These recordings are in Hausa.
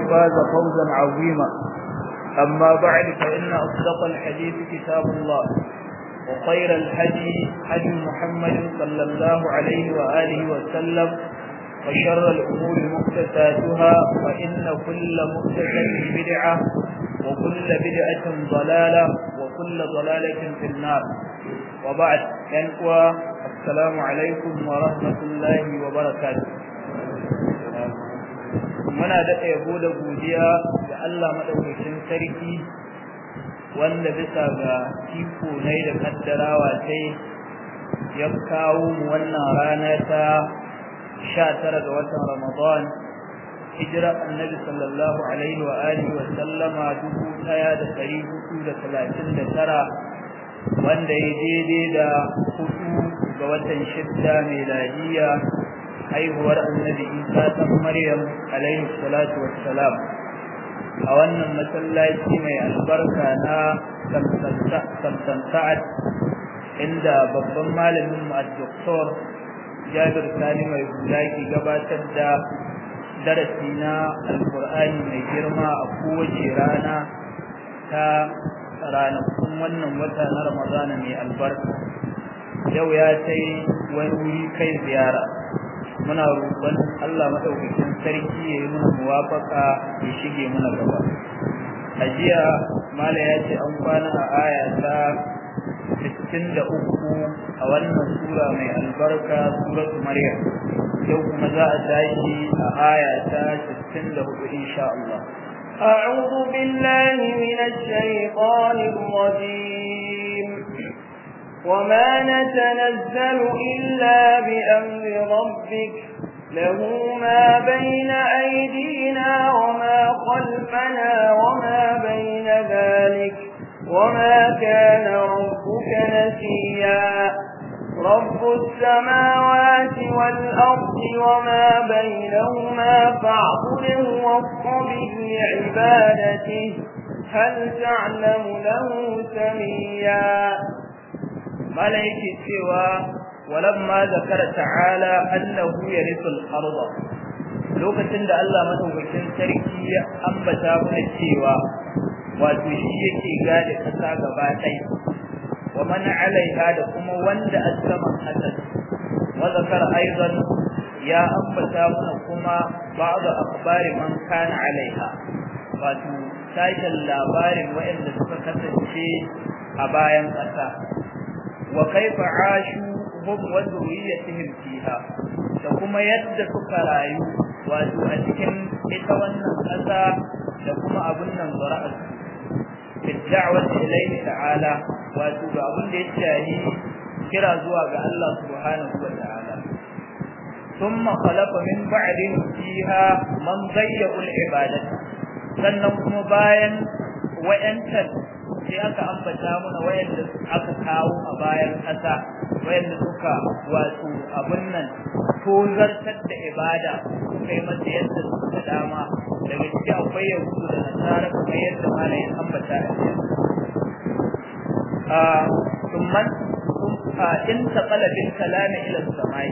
فاز فوزا عظيما أما بعد فإن أصدق الحديث كتاب الله وخير الحج حج محمد صلى الله عليه وآله وسلم وشر الأمور محدثاتها فإن كل محدثة بدعة وكل بدعة ضلالة وكل ضلالة في النار وبعد أنقوى السلام عليكم ورحمة الله وبركاته muna daɗa yabo da godiya ga Allah maɗaukakin sarki wanda bisa ga iko nai da kaddarawa sai ya kawo mu wannan rana ta sha tara ga watan Ramadan hijira annabi sallallahu alaihi wa alihi wa sallama dubu taya da ɗari hudu da talatin da tara wanda ya daidai da hudu ga watan shidda mai lahiya haihuwar annabi isa ɗan maryam alaihi salatu wassalam a wannan masallaci mai albarka na samsan inda babban malamin mu al-doktor jabir sani mai hulaki gabatar da darasi na alkur'ani mai girma a kowace rana ta ranakun wannan wata na ramadana mai albarka yau ya sai wani wuri kai ziyara muna roƙon Allah madaukakin sarki ya yi mana muwafaka ya shige mana gaba a jiya mala ya ce an kwana a aya ta 63 a wannan sura mai albarka suratu maryam yau kuma za a tashi a aya ta 64 insha Allah أعوذ بالله من الشيطان الرجيم وما نتنزل إلا بأمر ربك له ما بين أيدينا وما خلفنا وما بين ذلك وما كان ربك نسيا رب السماوات والأرض وما بينهما فاعبده واصطبر لعبادته هل تعلم له سميا malam yake cewa walamma zakara ta'ala annahu yarisul arda lokacin da Allah madaukakin sarki ya ambata mana cewa wato shi yake gane kasa gaba ɗaya wa man alaiha da kuma wanda asama hasan wa zakara aidan ya ambata mana kuma ba'da akhbari man kana alaiha wato tashin labarin wa'anda suka kasance a bayan kasa wa kaifa ashu hum wa dhurriyyatihim fiha da kuma yadda suka rayu wato a cikin ita wannan ƙasa da kuma abun nan zara'a بالدعوة إليه تعالى وأتوب أبن للشاهي كرا زواج الله سبحانه وتعالى ثم خلق من بعد فيها من ضيق العبادة sannan kuma bayan wa'yantar sai aka ambata mana da aka kawo a bayan kasa, wayar da suka wato abin nan Ko zartar da ibada kai mata yadda suka dama daga ciki akwai yahudu da nasara kuma yadda mana ya ambata a ثمن ah, ah, in taɓala bin kalami ilan samai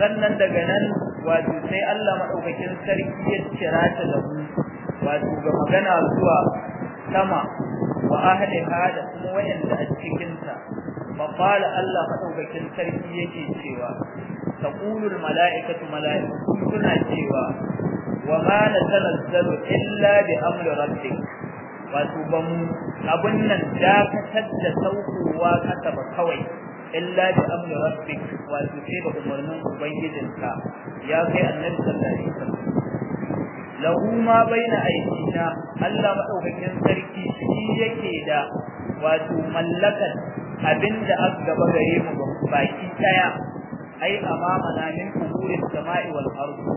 sannan daga nan wato sai Allah maɗaukakin sarki ya cira ta da mu wato ga magana zuwa sama wa ahliha da kuma wayanda a cikin ta fa qala Allah madaukakin sarki yake cewa taqulul mala'ikatu mala'iku suna cewa wa ma natanazzalu illa bi amri rabbik wato ba mu abun nan dakatar da saukowa kasa ba kawai illa bi amri rabbik wato sai da umarnin ubangijinka ya kai annabi sallallahu alaihi wasallam lahu ma baina na, Allah madaukakin sarki shi yake da wato mallakan abinda aka gaba gare mu baki daya ai amama na min kuburin sama'i wal ardi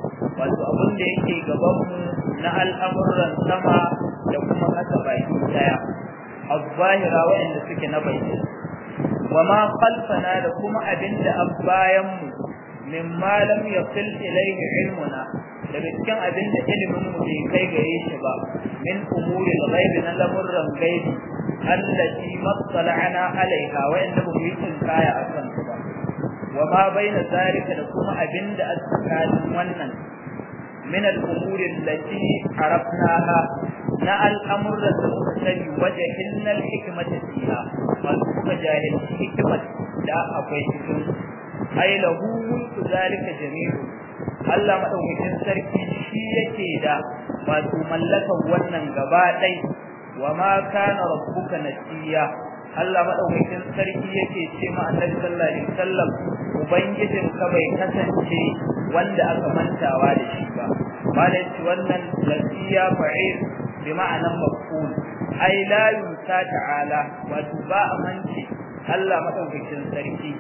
wato abin da yake gaban mu na al'amuran sama da kuma kasa baki daya az-zahira suke na bayyana wa ma khalfana da kuma abinda abbayan mu mimma lam yasil ilayhi daga cikin abin da ilimin mu bai kai gare shi ba min umuri al-ghaib na lamurran gaibi allati matsala'ana alaiha wa inda mu yi tsinkaya a kan su ba wa ma baina zalika da kuma abin da askalin wannan min al-umuri allati arafnaha na al'amuran da muka sani waje hinnal hikimata fiha wato kuka jahilci hikimar da akwai cikin ai lahu mulku zalika jami'u Allah madaukakin sarki shi yake da wato mallakar wannan gaba ɗai wa maka kana rabbuka nasiya Allah madaukakin sarki yake ce ma Annabi sallallahu alaihi wasallam ubangijin ka bai kasance wanda aka mantawa da shi ba malai wannan nasiya fa'il bi ma'anan maf'ul ai la yunsa ta'ala wa ba amanci Allah madaukakin sarki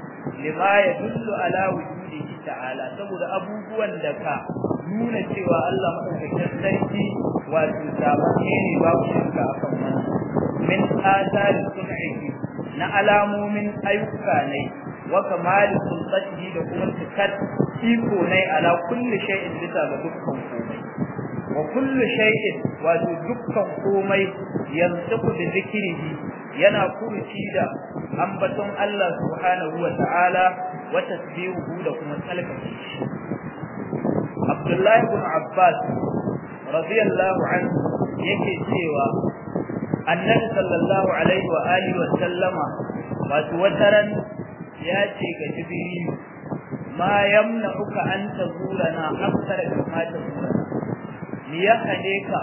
lima yadullu ala wujudi ta'ala saboda abubuwan da ka nuna cewa Allah madaukakin sarki wato sabani ne babu shirka a kan wannan min athar sun'ihi na alamomin ayyuka ne wa kamal sultatihi da kuma cikar iko ne ala kulli shay'in bisa ga dukkan komai wa kullu shay'in wato dukkan komai yantiqu bi dhikrihi yana kurci da ambaton Allah subhanahu wa ta'ala wa tasbihu da kuma salkaci Abdullah ibn Abbas radiyallahu anhu yake cewa Annabi sallallahu alaihi wa alihi wa sallama wato wataran ya ce ga Jibril ma yamna'uka an tazurana na kama kamata me ya hade ka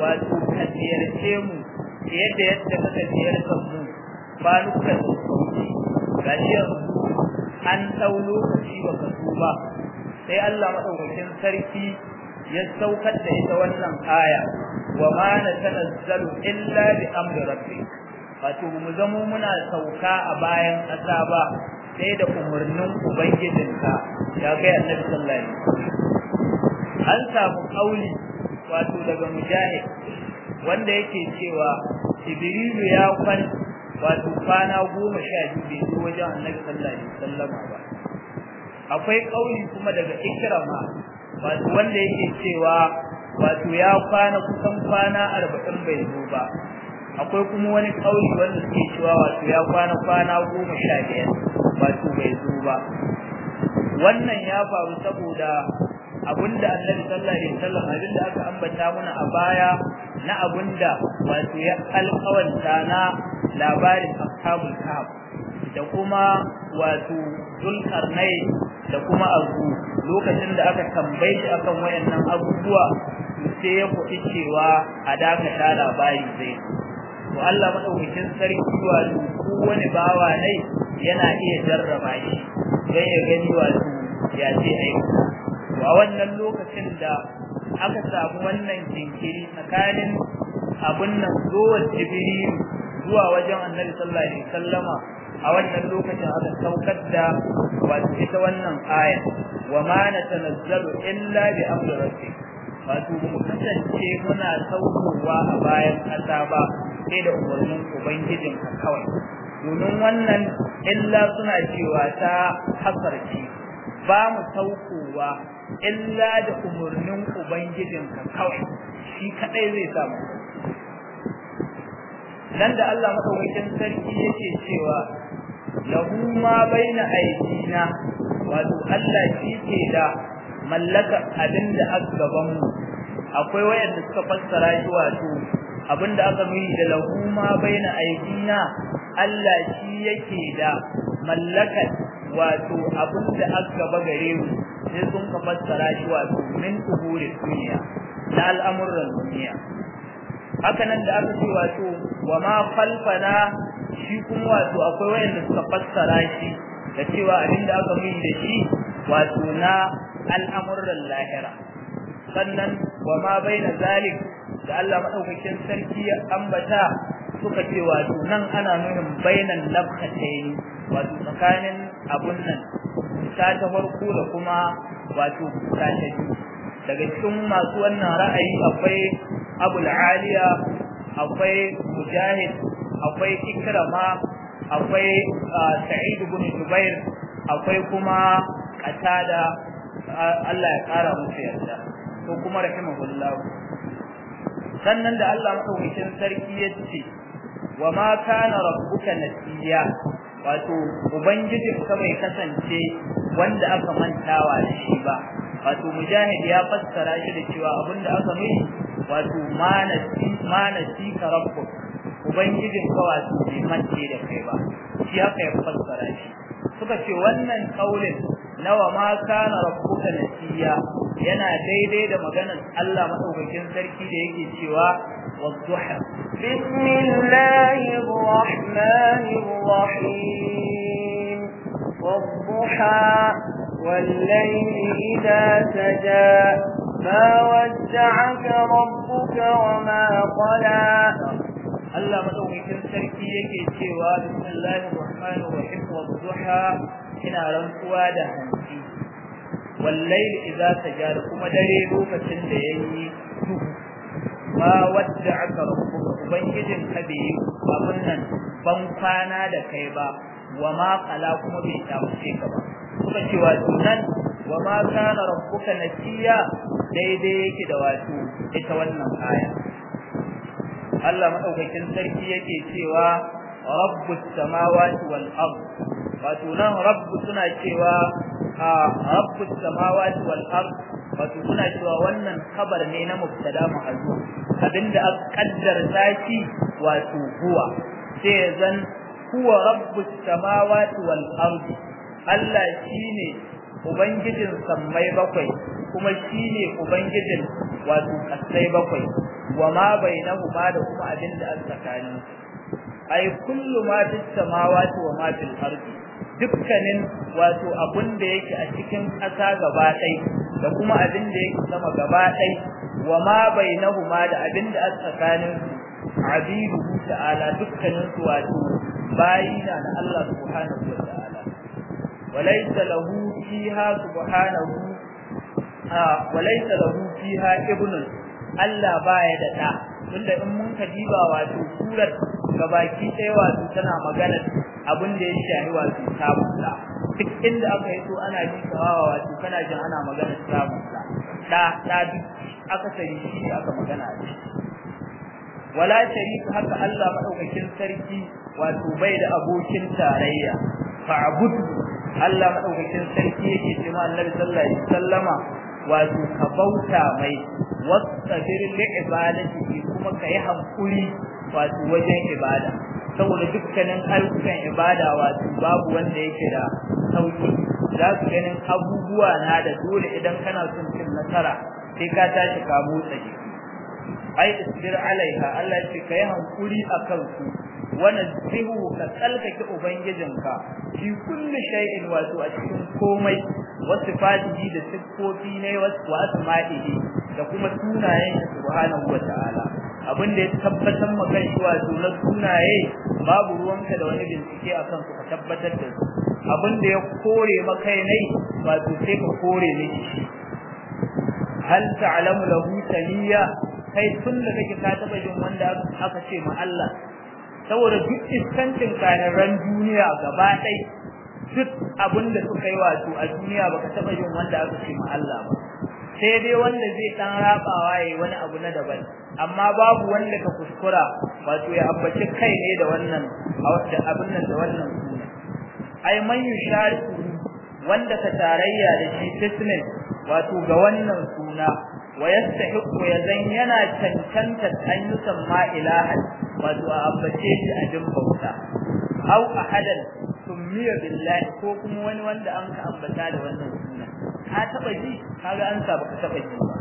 wato ka ziyarce mu fiye da yadda muka biyar kanmu ba nuka da sauki ga yanzu an taulo lokaci ba ka ba sai Allah maɗaukakin sarki ya saukar da ita wannan aya wa ma na illa bi amri rabbi wato mu zamo muna sauka a bayan ƙasa ba sai da umarnin ubangijinka ya gaya annabi sallallahu alaihi wasallam an samu kauli wato daga mujahid wanda yake cewa jibrilu ya kwan wato kwana goma sha biyu bai zo wajen annabi sallallahu alaihi wasallam ba akwai kauli kuma daga ikrama wato wanda yake cewa wato ya kwana kusan kwana arba'in bai zo ba akwai kuma wani kauli wanda suke cewa wato ya kwana kwana goma sha biyar wato bai zo ba wannan ya faru saboda abinda annabi sallallahu alaihi wasallam abinda aka ambata muna a baya na abinda wato ya alƙawanta na labarin ashabul kahf da kuma wato zulkarnai da kuma abu lokacin da aka tambaye shi akan wayannan abubuwa sai ya kuɗi cewa a dakata labari zai to Allah madaukakin sarki wato wani bawa ne yana iya jarraba shi don ya gani wato ya ce ai a wannan lokacin da aka samu wannan jinkiri tsakanin abun nan zuwa jibril zuwa wajen annabi sallallahu alaihi wasallama a wannan lokacin aka saukar da wato ita wannan aya wa ma natanazzalu illa bi amri rabbi wato mu kasance muna saukowa a bayan ƙasa ba sai da umarnin ubangijin ka kawai domin wannan illa suna cewa ta hasarci ba mu saukowa illa da umurnin ubangijinka kawai shi kadai zai samu nan da Allah madaukakin sarki yake cewa lahu ma baina aidina wato Allah shi ke da mallaka abin da mu akwai suka fassara shi wato abin da aka nuni da lahu ma baina aidina Allah shi yake da mallaka wato abin da gare mu sai sun ka fassara shi wato min tuhuri duniya na al'amuran duniya haka nan da aka ce wato wa ma falfana shi kuma wato akwai wayanda suka fassara shi da cewa abinda aka muni da shi wato na al'amuran lahira sannan wa ma baina zalik da Allah madaukakin sarki ya ambata suka ce wato nan ana nunin bainan nafkatayn wato tsakanin abun nan ta ta farko da kuma wato cuta ta daga cikin masu wannan ra'ayi akwai abul aliya akwai mujahid akwai ikrama akwai sa'id ibn jubair akwai kuma qatada Allah ya kara musu yarda to kuma rahimahullah sannan da Allah madaukakin sarki yace wa ma kana rabbuka nasiya wato ubangijin ka bai kasance wanda aka mantawa da shi ba wato mujahid ya fassara shi da cewa abinda aka nufi wato manasi manasi karabbu rabbu ubangijin ka wato bai mance da kai ba shi haka ya fassara shi suka ce wannan kaulin nawa ma kana rabbuka nasiya yana daidai da maganar Allah madaukakin sarki da yake cewa والضحى بسم الله الرحمن الرحيم والضحى والليل إذا سجى ما ودعك ربك وما قلى الله مدعوك كم سركيك سوى بسم الله الرحمن الرحيم والضحى إن أرمت وادها والليل إذا سجى لكم فتن فتنزيني Ba wadda aka rufu ubangijin ka bai yi abin nan ban kwana da kai ba wa ma kala kuma bai tafi ka ba kuma cewa sunan wa ma kana rabbuka nasiya daidai yake da wato ita wannan aya Allah madaukakin sarki yake cewa rabbus samawati wal ard wato nan rabbu suna cewa ah, rabbus samawati wal ard wato suna cewa wannan kabar ne na mubtada ma'zuf abinda aka zaki wato huwa sai zan huwa rabbus samawati wal ardi Allah shine ubangijin sammai bakwai kuma shine ubangijin wato kasai bakwai wa ma bainahuma da kuma abinda aka tsakani ai kullu ma fis samawati wa ma fil ardi dukkanin wato abun da yake a cikin ƙasa gaba da kuma abin da yake sama gaba ɗai wa ma bainahuma da abin da a tsakanin abidu ta'ala dukkanin su wato bayina na Allah subhanahu wa ta'ala walaysa lahu fiha subhanahu walaysa lahu fiha ibnun Allah baya da da tunda in mun kadiba wato surat baki sai wasu tana magana abin da ya shafi wasu sabunta duk inda aka yi to ana jin kawawa wasu kana jin ana magana sabunta da da duk aka sani shi aka magana a wala sharif haka Allah madaukakin sarki wato bai da abokin tarayya fa'bud Allah madaukakin sarki yake cewa Annabi sallallahu alaihi wasallama wato ka bauta mai wasabir li ibadati kuma ka yi hankuri wato wajen ibada saboda dukkanin ayyukan ibada wato babu wanda yake da sauki za su ganin abubuwa na da dole idan kana son cin nasara sai ka tashi ka motsa jiki ai isbir alaiha Allah ya ce ka yi hankuri akan su Wannan nazzihu ka في ubangijinka شيء kulli shay'in wato a cikin komai wa sifatihi da sifofi ne da kuma sunayen subhanahu wa ta'ala abin da ya tabbatar maka cewa wato na sunaye babu ruwanka da wani bincike akan su ka tabbatar da su abin da ya kore maka ne su sai ka kore ne shi hal ta'lamu lahu taliya kai tun daga kake ka taba jin wanda aka ce ma Allah saboda duk iskancin kayaran duniya gaba ɗai duk abin da suka yi wato a duniya baka taɓa yin wanda aka ce ma Allah ba sai dai wanda zai ɗan rabawa ya yi wani abu na daban amma babu wanda ka kuskura wato ya ambaci kai ne da wannan a wata abin nan da wannan suna ai man yushariku wanda ka tarayya da shi fitness wato ga wannan suna wa yastahiqu ya zan yana cancanta ayyukan ma ilahan wato a ambace shi a jin bauta aw ahadan summiya billahi ko kuma wani wanda an ka ambata da wannan suna ka taba ji kaga an sa baka taba ji ba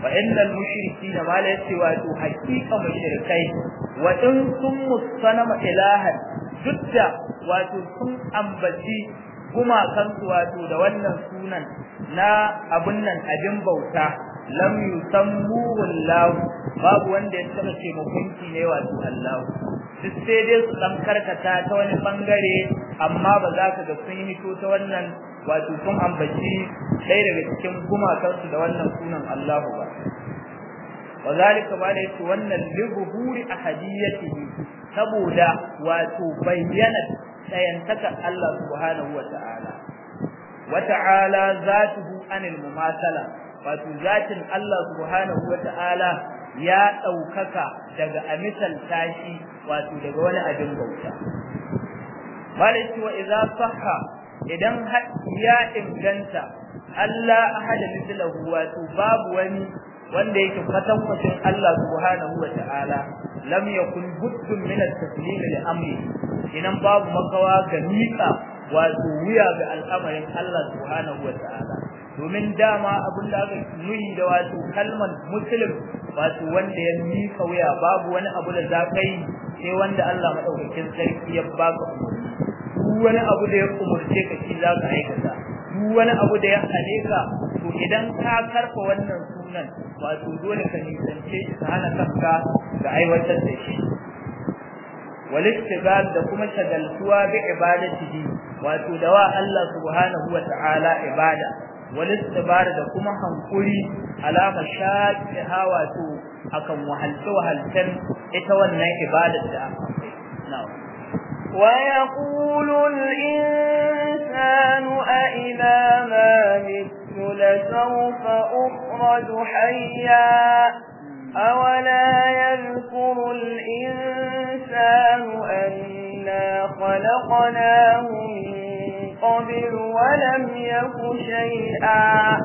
fa innal mushrikeena ma la yati tu haqiqa mushrikai wa in sun musanama ilahan dukka wato sun ambaci guma su wato da wannan sunan na abun nan abin bauta lam yusammu wallahu babu wanda ya taba ce hukunci ne wato Allah duk sai dai su dan karkata ta wani bangare amma ba za ka ga sun hito ta wannan wato sun ambaci sai daga cikin gumakan su da wannan sunan Allah ba wazalika ba da yace wannan libuhuri ahadiyatihi saboda wato bayyana tsayantaka Allah subhanahu wa ta'ala wa ta'ala zatuhu anil mumasala wato zatin Allah subhanahu wata'ala ya ɗaukaka daga amisal tashi wato daga wani abin bauta malaki wa idza sahha idan ya inganta Allah ahada mithlahu wato babu wani wanda yake kwatankwacin Allah subhanahu wata'ala lam yakun buddun min at-taslim li amri idan babu makawa ga miƙa wato wuya ga al'amarin Allah subhanahu wata'ala domin dama abin da aka nuni da wato kalman muslim wato wanda ya mika wuya babu wani abu da za ka yi sai wanda Allah madaukakin sarki ya baka duk wani abu da ya umurce ka shi za ka aikata duk wani abu da ya hane ka to idan ka karfa wannan sunan wato dole ka nisance shi ka hana kanka ga aiwatar da shi walistigal da kuma shagaltuwa bi ibadatihi wato dawa Allah subhanahu wa ta'ala ibada والاستبار ده كما حنقولي على فشاك هاواتو حكم وحلسو وحلسن اتوانيك بالد ده نعم ويقول الإنسان أئذا ما ميت لسوف أخرج حيا أولا يذكر الإنسان أنا خلقناه من قبل ولم يك شيئا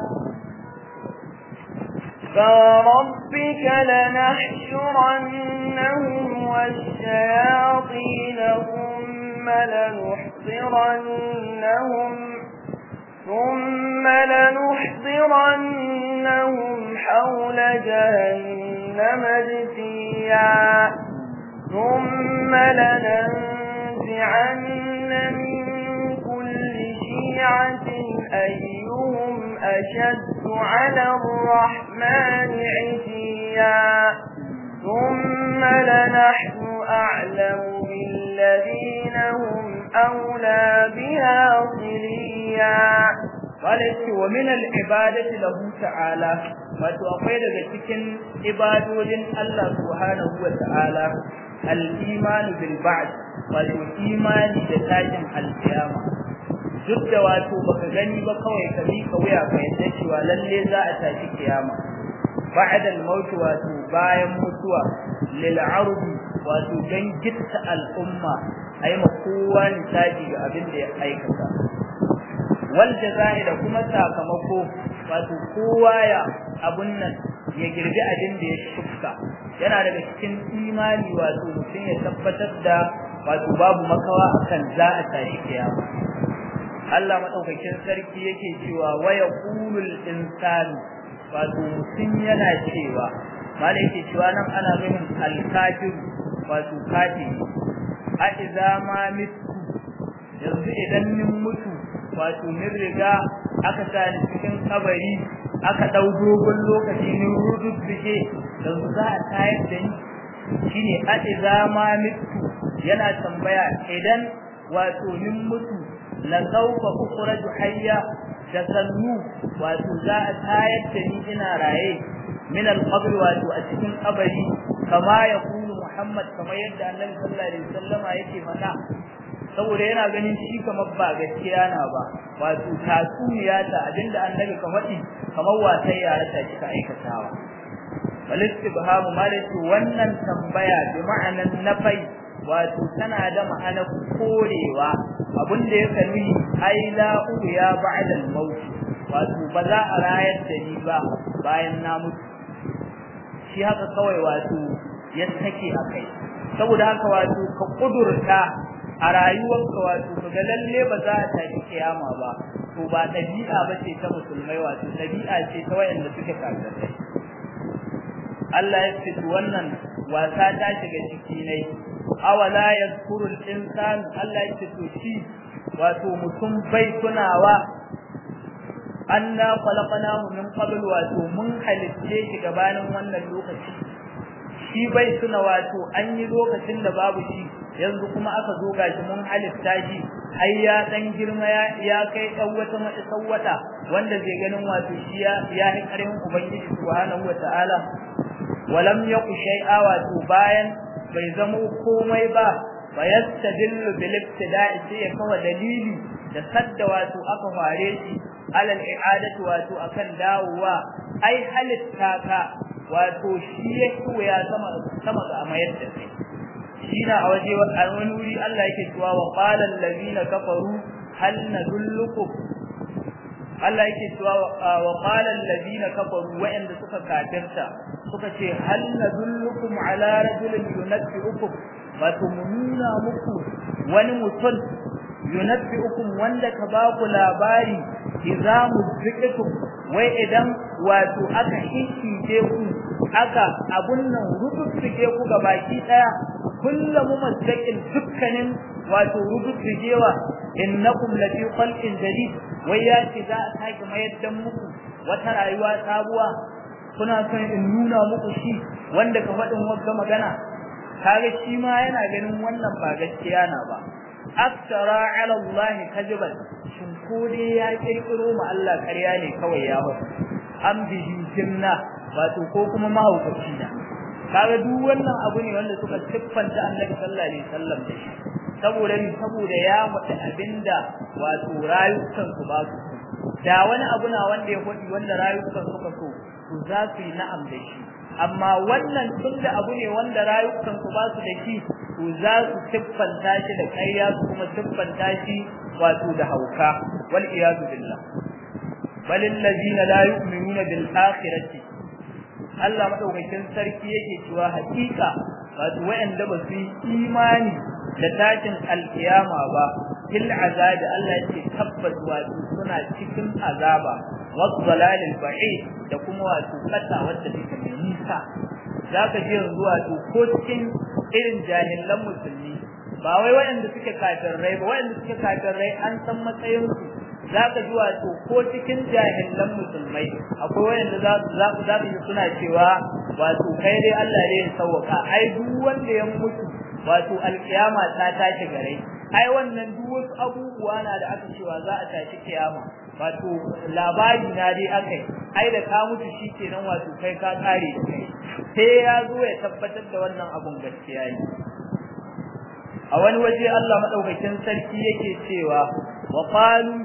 فوربك لنحشرنهم والشياطين ثم لنحصرنهم ثم لنحضرنهم حول جهنم جثيا ثم لننزعن من أيهم أشد على الرحمن عتيا ثم لنحن أعلم بالذين هم أولى بها صليا قالت ومن العبادة له تعالى ما توقيت بسكن عباد وجن الله سبحانه وتعالى الإيمان بالبعد قالت إيمان لتاجم القيامة duk da wato baka gani ba kawai ka mika ka wuya ka yadda cewa lalle za a tashi kiyama ba'da al-maut wato bayan mutuwa lil ardi wato dan gitta al-umma ai ma kowa ne tashi ga abin da ya aikata wal jazai da kuma sakamako wato kowa ya abun nan ya girbi abin da ya shukka yana daga cikin imani wato mutum ya tabbatar da wato babu makawa akan za a tashi kiyama Allah madaukakin sarki yake cewa waya yaqulul insani wato mutum yana cewa malaki cewa nan ana nufin al-kafir wato kafi a idza ma mitu yanzu idan min mutu wato min riga aka sani cikin kabari aka dau dogon lokaci ne rudud dike yanzu za a tayar da ni shine a idza ma mitu yana tambaya idan wato min mutu la sawfa ukhraju hayya da sannu wato za'a a tayar da ni ina raye min al-qabr wato a cikin kabari kama ya Muhammad kamar yadda Annabi sallallahu alaihi wasallama yake faɗa saboda yana ganin shi kamar ba gaskiya na ba wato tatsuniya ta abinda Annabi kamar kamar wasan yara ta kika aikatawa bal istibham malaki wannan tambaya bi ma'anan nafai wato tana da ma'anar korewa abin da ya sani ai uku ya ba'da al-maut wato ba za a rayar da ni ba bayan na mutu shi haka kawai wato ya take kai. saboda haka wato ka kudurta a rayuwarka wato ka lalle ba za ta tafi kiyama ba to ba dabi'a ba ce ta musulmai wato dabi'a ce ta wayanda suke kafirai Allah ya ce wannan wasa ta shiga ciki ne awala yadhkuru al-insan Allah yake to shi wato mutum bai tunawa anna khalaqnahu min qabl wato mun halitte shi gabanin wannan lokaci shi bai tuna wato an yi lokacin da babu shi yanzu kuma aka zo ga shi mun halitta shi ai ya dan girma ya ya kai dan wata mata sawwata wanda zai ganin wato shi ya ya hi karin ubangiji subhanahu wataala walam yaku shay'a wato bayan bai zamo komai ba fayastadillu bil ibtida'i sai kawai dalili da sadda wato aka fare shi alal i'adatu wato akan dawowa ai halitta ka wato shi ya koya sama sama ga amayar da kai shi na a waje a wani wuri Allah yake cewa wa qala allazina kafaru hal nadullukum Allah yake cewa wa qala allazina kafaru wa'anda suka kafirta suka ce hal nadullukum ala rajulin yunabbi'ukum ba to mu nuna muku wani mutum yunabbi'ukum wanda ka ba ku labari izamu muzqitum wai idan wato aka hincike ku aka abun nan rubutsike ku ga baki daya kullamu mustaqil dukkanin wato rubutsikewa innakum lafi khalqin jadid wai ya ki za a sake mayar dan muku wata rayuwa sabuwa kuna son in nuna muku shi wanda ka faɗin wagga magana kaga shi ma yana ganin wannan ba gaskiya na ba aftara ala Allah kajiban shin ko dai ya kirkiro ma Allah kariya ne kawai ya ba an bihi jinna wato ko kuma mahaukaci na kaga duk wannan abu ne wanda suka tiffanta Annabi sallallahu alaihi wasallam da shi saboda ni saboda ya mutu abinda wato rayukan su ba su da wani abu na wanda ya fadi wanda rayukan suka so to za su yi na'am da shi amma wannan tun da abu ne wanda rayukan su ba su da shi to za su siffanta shi da ƙarya su kuma siffanta shi wato da hauka wal iyadu billah bal allazina la yu'minuna bil akhirati Allah madaukakin sarki yake cewa hakika wato wayanda ba su yi imani da takin alkiyama ba fil azabi Allah yake tabbas wato suna cikin azaba wasdalalil ba'id da kuma wato kasa wadda take mai nisa zaka ji yanzu wato ko cikin irin jahilan musulmi ba wai waɗanda suke kafirai ba waɗanda suke kafirai an san matsayin su zaka ji wato ko cikin jahilan musulmai akwai wanda za za za su suna cewa wato kai dai Allah ne ya sauka ai duk wanda ya mutu wato alkiyama ta tashi gare ai wannan duk wasu abubuwa na da aka cewa za a tashi kiyama wato labari na dai akai ai da ka mutu shi shikenan wato kai ka kare kai sai ya zo ya tabbatar da wannan abun gaskiya ne a wani waje Allah madaukakin sarki yake cewa وقالوا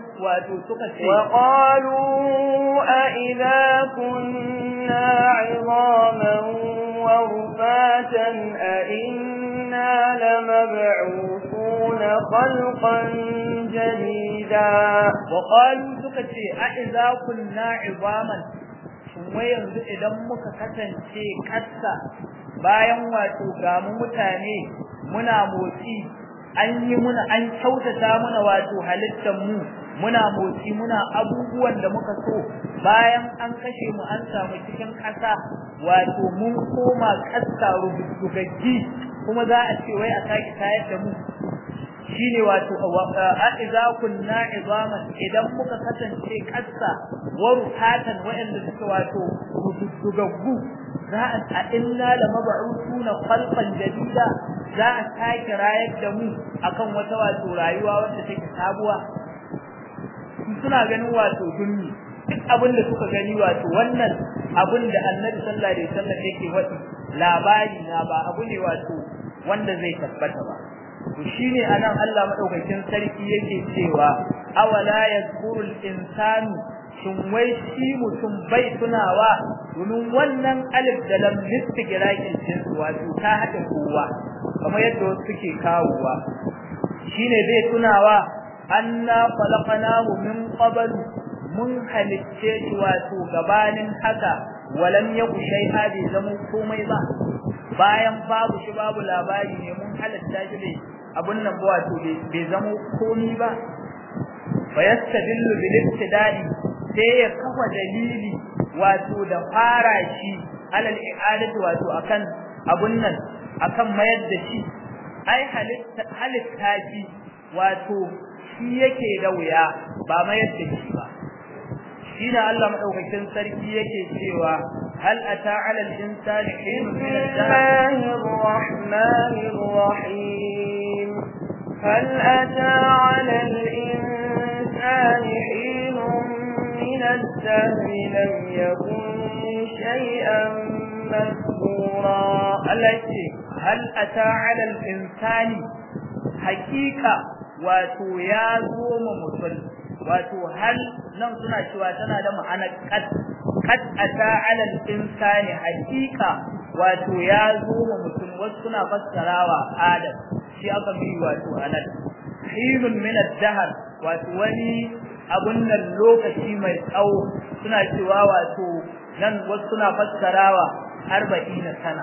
وقالوا أإذا كنا عظاما ورفاتا أإنا لمبعوثون خلقا جديدا وقالوا سكتي أإذا كنا عظاما wai yanzu idan muka kasance kassa bayan wato ممتاني منا muna an yi muna an kyautata muna wato halittar mu muna motsi muna abubuwan da muka so bayan an kashe mu an samu cikin ƙasa wato mun koma ƙasa rubutugaggi kuma za a ce wai a sake tayar da mu shine wato a'iza kunna izaman idan muka kasance ƙasa wa rukatan wa'anda suka wato rubutugaggu za a inna la na khalqan jadida za a sake rayar da mu akan wata wato rayuwa wacce take sabuwa suna ganin wato dunni duk abin da suka gani wato wannan abin da Annabi sallallahu alaihi wasallam yake wato labari na ba abu ne wato wanda zai tabbata ba to shine anan Allah madaukakin sarki yake cewa awala yazkurul insanu shin wai shi mutum bai tunawa domin wannan alif da lam girakin cin wato ta haɗa kowa kamar yadda wasu suke kawowa shine bai tunawa anna khalaqnahu min qabl mun halicce shi wato gabanin haka walam yaku shay'a bai zaman komai ba bayan babu shi babu labari ne mun halatta shi bai abun nan wato bai zama komai ba fayastadillu bil ibtida'i sai ya kafa dalili wato da fara shi alal i'adatu wato akan abun nan akan mayar da shi ai halitta halitta shi wato shi yake da wuya ba mayar da shi ba shine Allah madaukakin sarki yake cewa hal ata ala al insani hin min al rahmanir rahim hal ata ala من السهل لم يكن شيئا مذكورا التي هل أتى على الإنسان حقيقة وتوياه ممثل wato hal nan suna cewa tana da ma'ana kat kat ata ala al hakika wato ya zo mutum wasu suna fassarawa adam shi aka bi wato anan khibun min al-dahar wato wani abun nan lokaci mai tsawo suna cewa wato nan wasu suna fassarawa arba'ina sana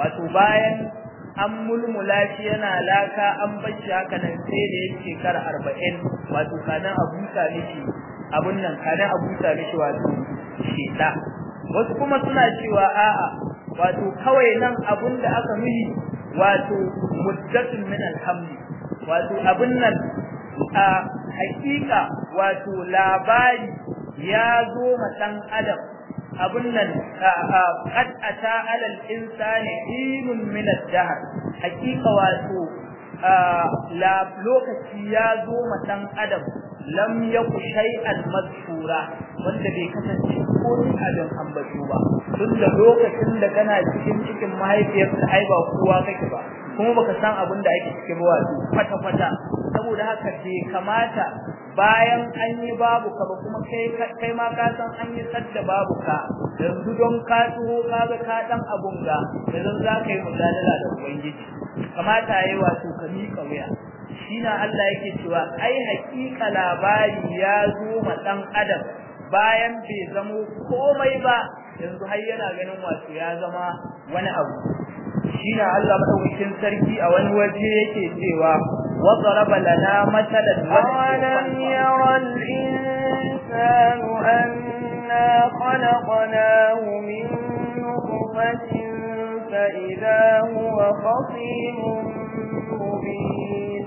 wato bayan an mulmula shi yana laka an bashi haka nan sai da yake shekara arba'in wato kanan a miki abun nan kanan a miki wato sheda wasu kuma suna cewa a'a wato kawai nan abun da aka muni wato muddatun min alhamdi wato abun nan a hakika wato labari ya zo ma adam abun nan qad ata alal insani ne min ad-dahr hakika wato lokaci ya zo ma dan adam lam yaku shay'an madhura wanda bai kasance ko abin ambato ba tun da lokacin da kana cikin cikin mahaifiyarka ai ba kowa kake ba kuma baka san abin da ake cikin ruwa kwata kwata saboda haka bai kamata bayan an yi babu ka ba kuma kai kai ma ka san an yi sadda babu ka yanzu don ka tsoho ka ga ka dan abun ga yanzu za ka yi mujadala da ubangiji kamata yayi wato ka miƙa wuya shine Allah yake cewa ai haƙiƙa labari ya zo ma dan adam bayan bai zama komai ba yanzu har yana ganin wato ya zama wani abu shine Allah madaukakin sarki a wani waje yake cewa wa zaraba lana matalan wa lam yara al insanu anna khalaqnahu min nutfatin fa idha huwa khasimun mubin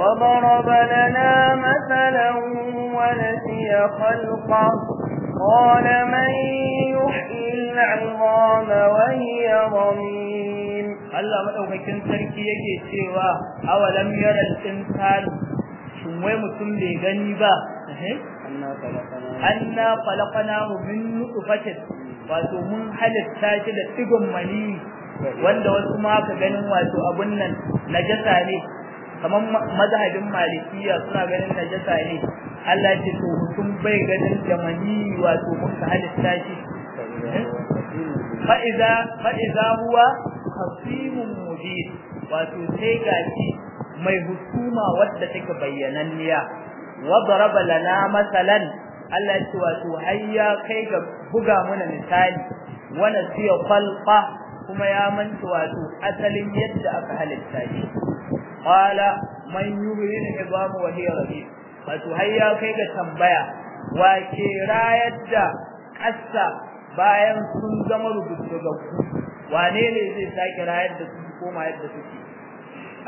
wa zaraba lana matalan wa nasiya khalqahu قال من يحيي العظام وهي رميم الله madaukakin sarki yake cewa awalam yara al shin wai mutum bai gani ba anna khalaqana min nutfatin wato mun halitta shi da tigon mani wanda wasu ma ka ganin wato abun nan najasa ne kamar mazhabin malikiya suna ganin najasa ne Allah ce to mutum bai ganin jamani wato mun ka halitta shi fa'iza fa'iza huwa hasimun mubin wato sai gashi mai hukuma wadda take bayyananniya wa daraba lana masalan Allah ya ce wato hayya kai ga buga mana misali wa nasiya khalqa kuma ya manta wato asalin yadda aka halitta shi قال من يبين عظام وهي رهيب فتهيا كيك تنبيا وكرايتا قصة باين سنزمر بسجوك وانيل إذي ساك رايت بسجوكوم آيات بسجوك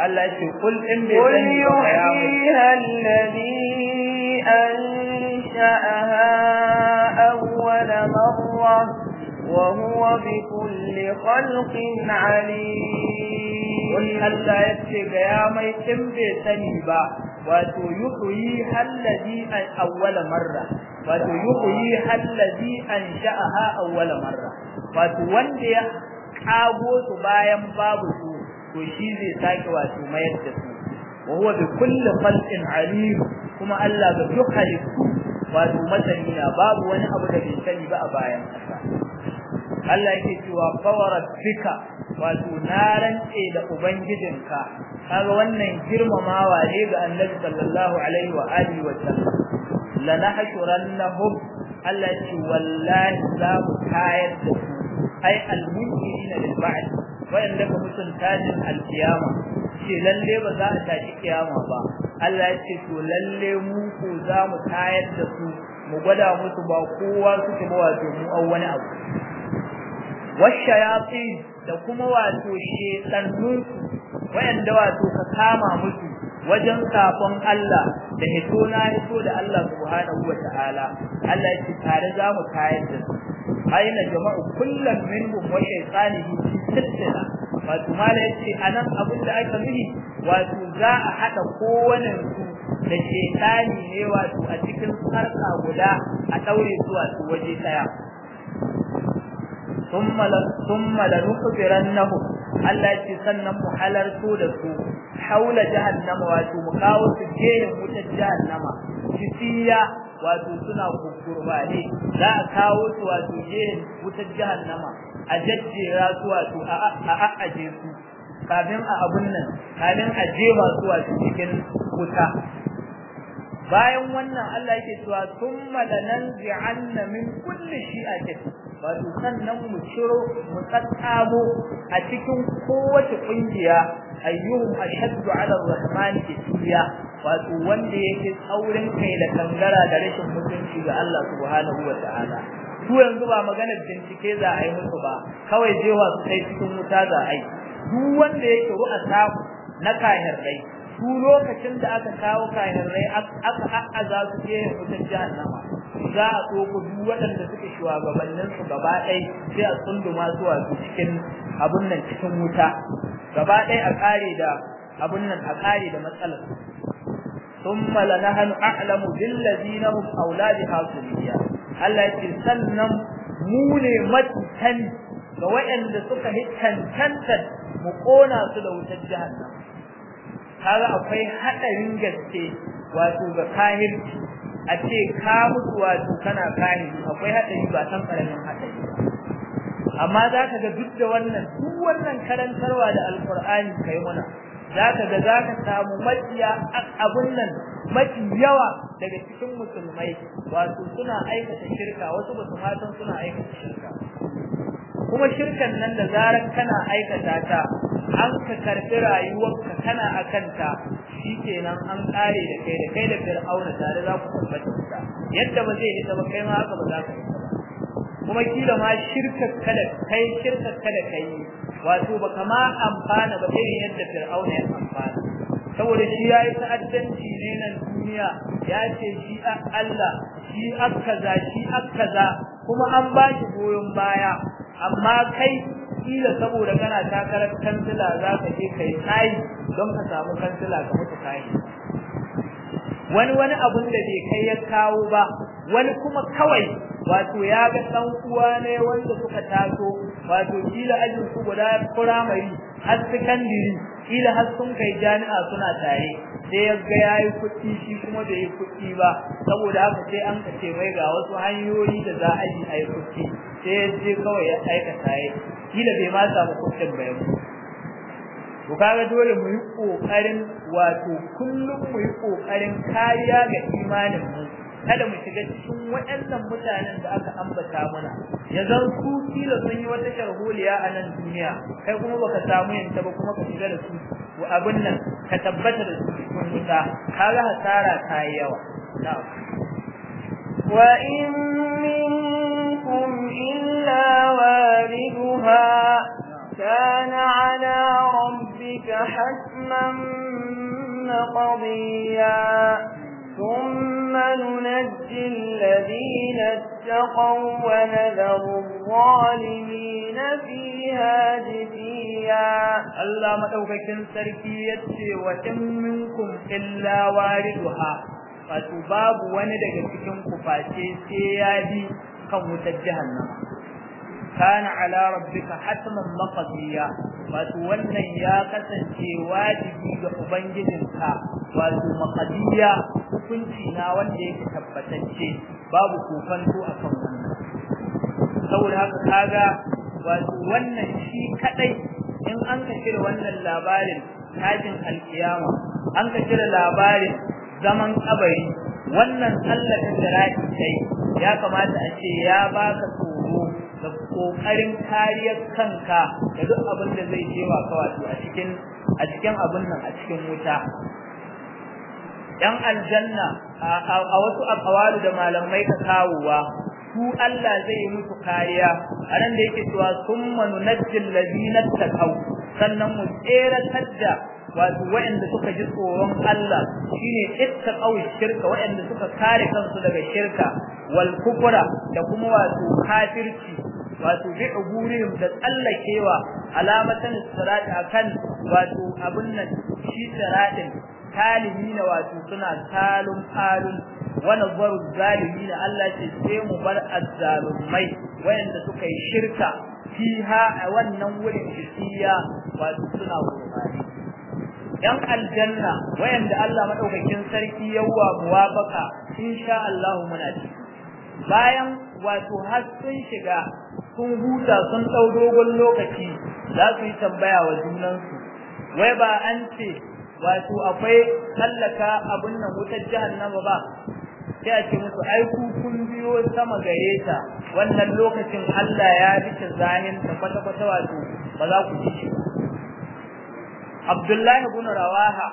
الله قل إن قل يحييها الذي أنشأها أول مرة وهو بكل خلق عليم Wani Allah ya ce ga ya mai bai sani ba wato yuhyi allazi an awwala marra wato yuhyi allazi an sha'aha awwala marra wato wanda ya kago su bayan babu su to shi zai sake wato mayar da su wa huwa bi kulli khalqin alim kuma Allah ga duk halittu wato masani na babu wani abu da bai sani ba a bayan kasa Allah yake cewa fawarat bika wato na rantse da ubangijinka kaga wannan girmamawa ne ga annabi sallallahu alaihi wa alihi wa sallam la nahshurannahum Allah wallahi za mu tayar da su ai ba'd wa'anda ka mutunta jin alkiyama ce lalle ba za a tashi kiyama ba Allah yake to lalle mu ko za mu tayar da su mu gwada musu ba kowa suke ba wato mu an wani abu washayatin da kuma wato shedannun wayanda wato ka kama musu wajen kafin Allah da hito na hito da Allah subhanahu wa ta'ala Allah yake tare za mu kayar da su jama'u kullum minhum wa shaytanihi sittila wato mala yace anan abin da aka nuhi wato za a hada kowane su da shaytani ne wato a cikin sarka guda a daure su wato waje daya thumma la nukhbirannahu Allah ce sannan mu halarto da su haula jahannama wato mu kawo su gehen wutar jahannama kisiya wato suna kukurbane za a kawo su wato gehen wutar jahannama a jajjera su wato a a'aje su kafin a abun nan kafin a jefa su wato cikin wuta bayan wannan Allah yake cewa thumma anna min kulli shi'atin wato sannan mu ciro mu tsatsabo a cikin kowace kungiya ayyuhum ashaddu 'ala ar-rahman kitiya wato wanda yake tsaurin kai da tangara da rashin mutunci ga Allah subhanahu wa ta'ala su yanzu ba maganar bincike za a yi musu ba kawai jewa su kai cikin wuta za a yi duk wanda yake ru'a na kahir su lokacin da aka kawo kayarai aka za su je wutar jahannama za a tsoko duk waɗanda suke shugabannin su gaba ɗaya sai a tsunduma zuwa cikin abun nan cikin wuta gaba ɗaya a ƙare da abun nan a ƙare da matsalar ثم لنحن Alamu, بالذين هم أولى بها سوريا Allah ce sannan mu ne matukan ga waɗanda suka hikkantanta mu ƙona su da wutar jahannam kaga akwai hadarin gaske wato ga kahin a ce ka mutu wato kana kahin akwai hadari ba san karamin hadari amma zaka ga duk da wannan duk wannan karantarwa da alqur'ani kai muna zaka ga zaka samu maciya abun nan mafi yawa daga cikin musulmai wato suna aikata shirka wasu ba su matan suna aikata shirka kuma shirkan nan da zarar kana aikata ta an ka karɓi rayuwarka kana a kanta shi an ƙare da kai da kai da fir'auna tare za ku tabbata da yadda ba zai hita ba kai ma haka ba za ku hita ba kuma kila ma shirkar kada kai shirkar kada kai wato ba kama amfana ba irin yadda fir'auna ya amfana saboda shi ya yi ta'addanci ne nan duniya ya ce shi a Allah shi akaza shi akaza kuma an ba shi goyon baya amma kai kila saboda kana takarar kansila za ka je kai kai don ka samu kansila ka mutu kai wani wani abun da bai kai ya kawo ba wani kuma kawai wato ya ga dan uwa ne wanda suka taso wato kila ajin su guda primary har secondary kila har sun kai jami'a suna tare sai ya ga yayi kuɗi shi kuma bai yi kuɗi ba saboda haka sai an kace mai ga wasu hanyoyi da za a yi ayi kuɗi sai ya je kawai ya aikata ya kila bai ma samu kuɗin ba yau kaga dole mu yi ƙoƙarin wato kullum mu yi ƙoƙarin kariya ga imanin mu kada mu shiga cikin waɗannan mutanen da aka ambata mana yanzu ku kila sun yi wata sharholiya a nan duniya kai kuma baka samu yanta ba kuma ka shiga da su to abin nan ka tabbata da su cikin wuta kaga hasara ta yawa na'am wa in min منكم إلا واردها كان على ربك حتما قضيا ثم ننجي الذين اتقوا ونذر الظالمين فيها جثيا الله مدوكاكين سركي وكم منكم إلا واردها فتباب وندك فيكم كفاتي سيادي akan wutar jahannama kana ala rabbika hatman maqdiya wato wannan ya kasance wajibi ga ubangijinka wato maqdiya hukunci na wanda yake tabbatacce babu kofanto akan wannan saboda haka kaga wato wannan shi kadai in an ka cire wannan labarin tajin alkiyama an ka cire labarin zaman kabari wannan sallar da ra'i kai ya kamata a ce ya baka tsoro da kokarin kariyar kanka da duk abin da zai jewa ka a cikin a cikin abin nan a cikin wuta yan aljanna a wasu akawalu da malamai ka kawowa ku Allah zai yi musu kariya a nan da yake cewa summa nunajjil ladina takaw sannan mu tsere da wato waɗanda suka ji tsoron Allah shine ittaqaw shirka waɗanda suka kare kansu daga shirka wal kufra da kuma wato kafirci wato bi uburihim da tsallakewa alamatan a akan wato abun nan shi salatin na wato suna talun falun wa nazaru zalimin Allah ce sai mu bar azzalumai waɗanda suka yi shirka fiha a wannan wurin fiya wato suna gurbaye yan aljanna wayanda Allah madaukakin sarki yawa muwafaka insha Allah muna ci bayan wato har sun shiga sun huta sun dau dogon lokaci za su yi tambaya wa junansu wai ba an ce wato akwai sallaka abun nan wutar jahannama ba sai a ce musu ai ku kun biyo sama gare ta wannan lokacin Allah ya rike zahin ta kwata kwata wato ba za ku ci Abdullahi ibn Rawaha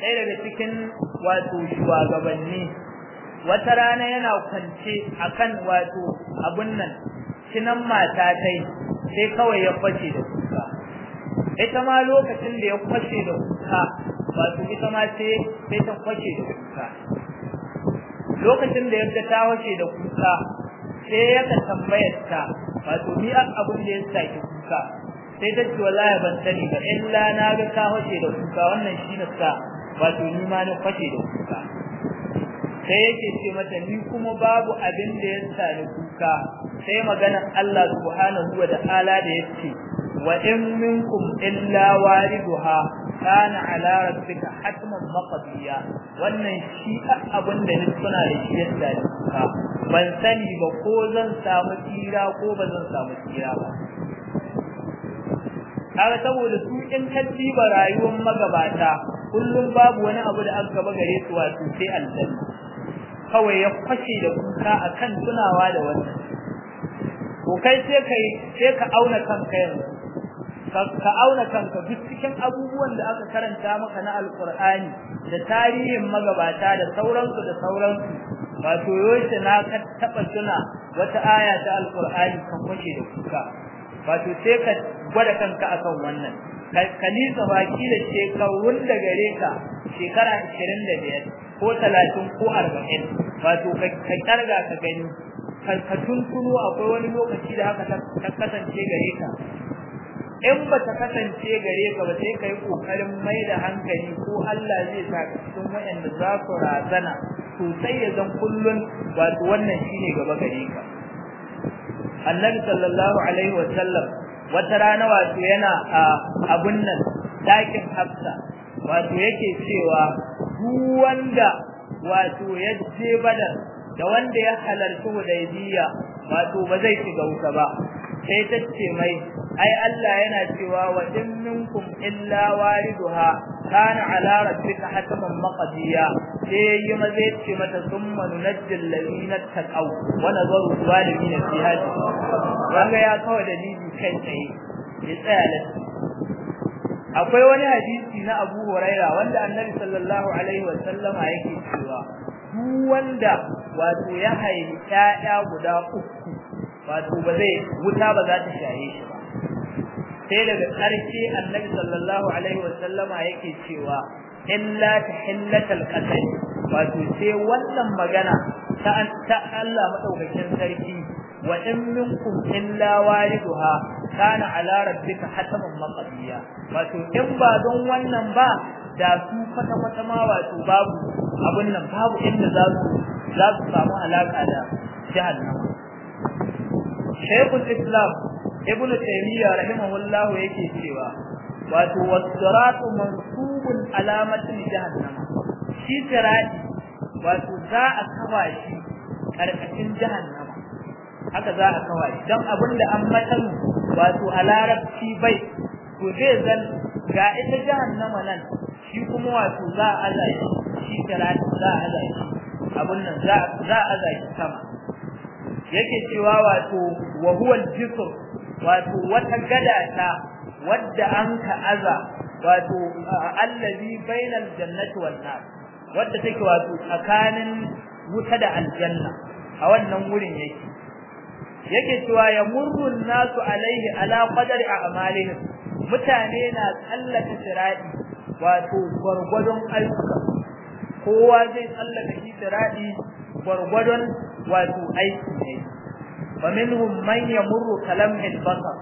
ɗaya daga cikin wato shugabanni wata rana yana kwance akan wato abun nan kinan mata tai sai kawai ya fashe da kuka ita ma lokacin da ya fashe da kuka wato ita ma sai sai ta fashe da kuka lokacin da yadda ta fashe da kuka sai ya tambaya ta wato ni abun da ya sake kuka sai ta ce wallahi ban sani ba illa na ga ka hoce da kuka wannan shi ne ka wato ni ma na fashe da kuka sai yake ce mata ni kuma babu abin da ya sani kuka sai maganar Allah subhanahu wa ta'ala da yake wa in minkum illa waliduha kana ala rabbika hatman maqdiya wannan shi abin da ni suna da shi yadda kuka ban sani ba ko zan samu tsira ko ba zan samu tsira ba Kare saboda su in ka rayuwar magabata kullum babu wani abu da aka gaba gare su wato sai aljanna kawai ya fashe da kuka akan tunawa da wannan Ko kai sai kai sai ka auna kanka yanzu ka auna kanka duk cikin abubuwan da aka karanta maka na alqur'ani da tarihin magabata da sauransu da sauransu wato yoshi na ka taba tuna wata aya ta alqur'ani kan kwace da kuka wato sai ka gwada kanka akan wannan Kanisa nisa baki da shekarun da gare ka shekara ashirin da biyar ko talatin ko arba'in wato ka karga ka gani ka tuntuno akwai wani lokaci da haka ta kasance gare ka in ba ta kasance gare ka ba sai ka yi ƙoƙarin mai da hankali ko Allah zai sa cikin waɗanda za ku razana sosai ya zan kullum wato wannan shine gaba gare ka annabi sallallahu alaihi wa sallam wata rana wato yana a abun nan dakin hafsa wato yake cewa duk wanda wato ya je badar da wanda ya halarci hudaybiya wato ba zai shiga wuta ba sai ta ce mai ai Allah yana cewa wa in minkum illa wariduha kana ala rabbika hataman maqdiya sai yi maza ya ce mata summa nunajjil ladina taqaw wa nazaru zalimin fi hadi wanda ya kawo dalili kai tsaye ya tsaya lafiya akwai wani hadisi na Abu Huraira wanda Annabi sallallahu alaihi wa sallama yake cewa wanda wato ya haifi ƴaƴa guda uku wato ba zai wuta ba za ta shaye shi ba sai daga ƙarshe annabi sallallahu alaihi wasallama yake cewa illa tahillatal qatl wato sai wannan magana ta ta Allah madaukakin sarki wa in minkum illa waliduha kana ala rabbika hatamun maqdiya wato in ba don wannan ba da su kwata kwata ma wato babu abin nan babu inda za su za su samu alaka da jahannama shaykhul islam ibn taymiya rahimahullahu yake cewa wato wasiratu mansubun alamatin jahannama shi sirati wato za a kawa shi karkashin jahannama haka za a kawa shi dan abin da an matan wato a larabci bai to zai zan ga ita jahannama nan shi kuma wato za a aza shi shi talatin za a aza shi abun nan za a aza shi sama yake cewa wato wa huwa jisr wato wata gada ta wadda an ka aza wato allazi bainal jannati wan nar wadda take wato tsakanin wuta da aljanna a wannan wurin yake yake cewa ya murrun nasu alaihi ala qadari a'malihim mutane na tsallaka sirai wato gwargwadon ayyukan kowa zai tsallaka sirati gwargwadon wato aiki ne fa minhum man kalam kalamil basar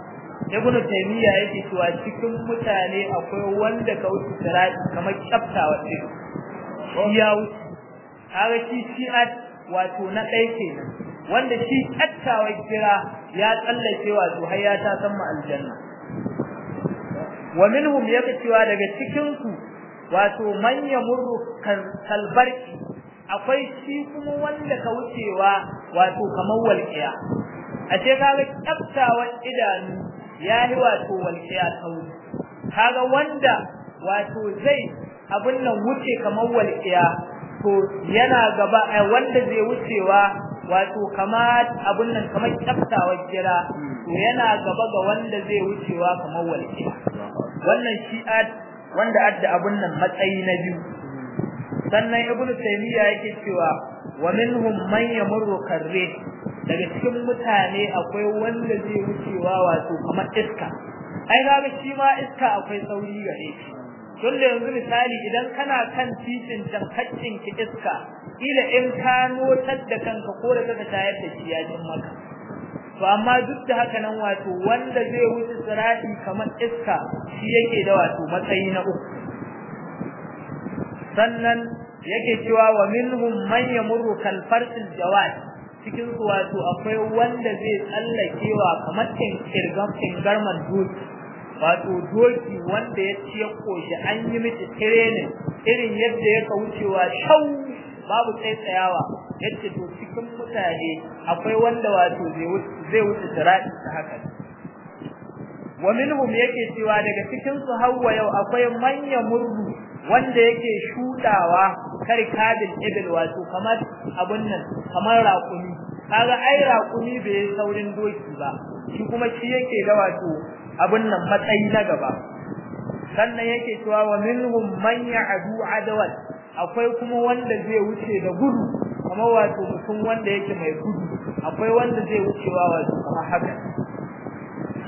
ibnu taymiya yake cewa cikin mutane akwai wanda ka wuce sirati kamar tsaftawa ce shi ya wuce kaga shi wato na ɗaya wanda shi tsattawa kira ya tsallake wato har ya ta san ma aljanna wa minhum yake cewa daga cikin su wato man yamurru kalbarki akwai shi kuma wanda ka wucewa wato kamar walƙiya a ce kaga tsaftawan idanu yayi wato walƙiya sauri kaga wanda wato zai abin nan wuce kamar walƙiya to yana gaba wanda zai wucewa wato kamar abin nan kamar tsaftawan jira to yana gaba ga wanda zai wucewa kamar walƙiya wannan shi'a wanda adda abun nan matsayi na biyu sannan ibn taymiya yake cewa wa minhum man yamurru daga cikin mutane akwai wanda zai wucewa wato kamar iska ai ga shi ma iska akwai sauri gare shi don da yanzu misali idan kana kan titin can haccin ki iska ila in ka notar da kanka ko da kaka tayar da shi ya maka to amma duk da haka nan wato wanda zai wuce sirati kamar iska shi yake da wato matsayi na uku sannan yake cewa wa minhum man yamurru kal farsil jawad cikin su wato akwai wanda zai tsallakewa kamar kirgan garman doki wato doki wanda ya ya koshi an yi miki training irin yadda ya kaucewa shau babu tsayawa yace to cikin mutane akwai wanda wato zai wuce zai wuce ta haka wa minhum yake cewa daga cikin su hawa yau akwai manya murdu wanda yake shudawa karkadin ibil wato kamar abun nan kamar raƙumi kaga ai raƙumi bai saurin doki ba shi kuma shi yake da wato abun nan matsayi na gaba sannan yake cewa wa minhum man ya'du adawat akwai kuma wanda zai wuce da gudu kamar wato mutum wanda yake mai gudu akwai wanda zai wucewa wato kuma haka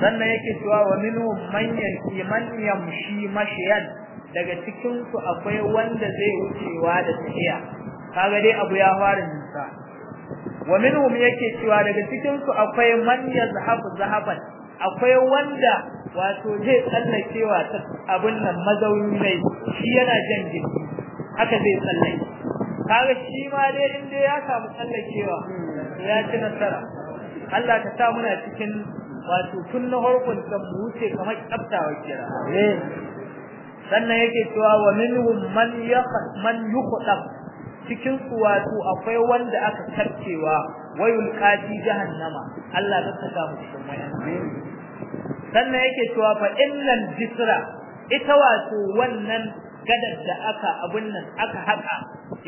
sannan yake cewa wa minhum man yaman yamshi mashiyan daga cikin su akwai wanda zai wucewa da tafiya kaga dai abu ya fara nisa wa minhum yake cewa daga cikin su akwai man yazhabu zahaban akwai wanda wato zai tsallakewa abin nan mazauni ne shi yana jan jiki haka zai tsallake kaga shi ma dai in dai ya samu tsallakewa ya ci nasara Allah ka sa muna cikin wato tun na harkun da mu kamar tsaftawa kira eh. sannan yake cewa wa minhum man yaqat man yuqtab cikin su wato akwai wanda aka tarcewa wayul qadi jahannama Allah ka saka mu cikin wayan sannan yake cewa fa innal jisra ita wato wannan gadar da aka abun nan aka haka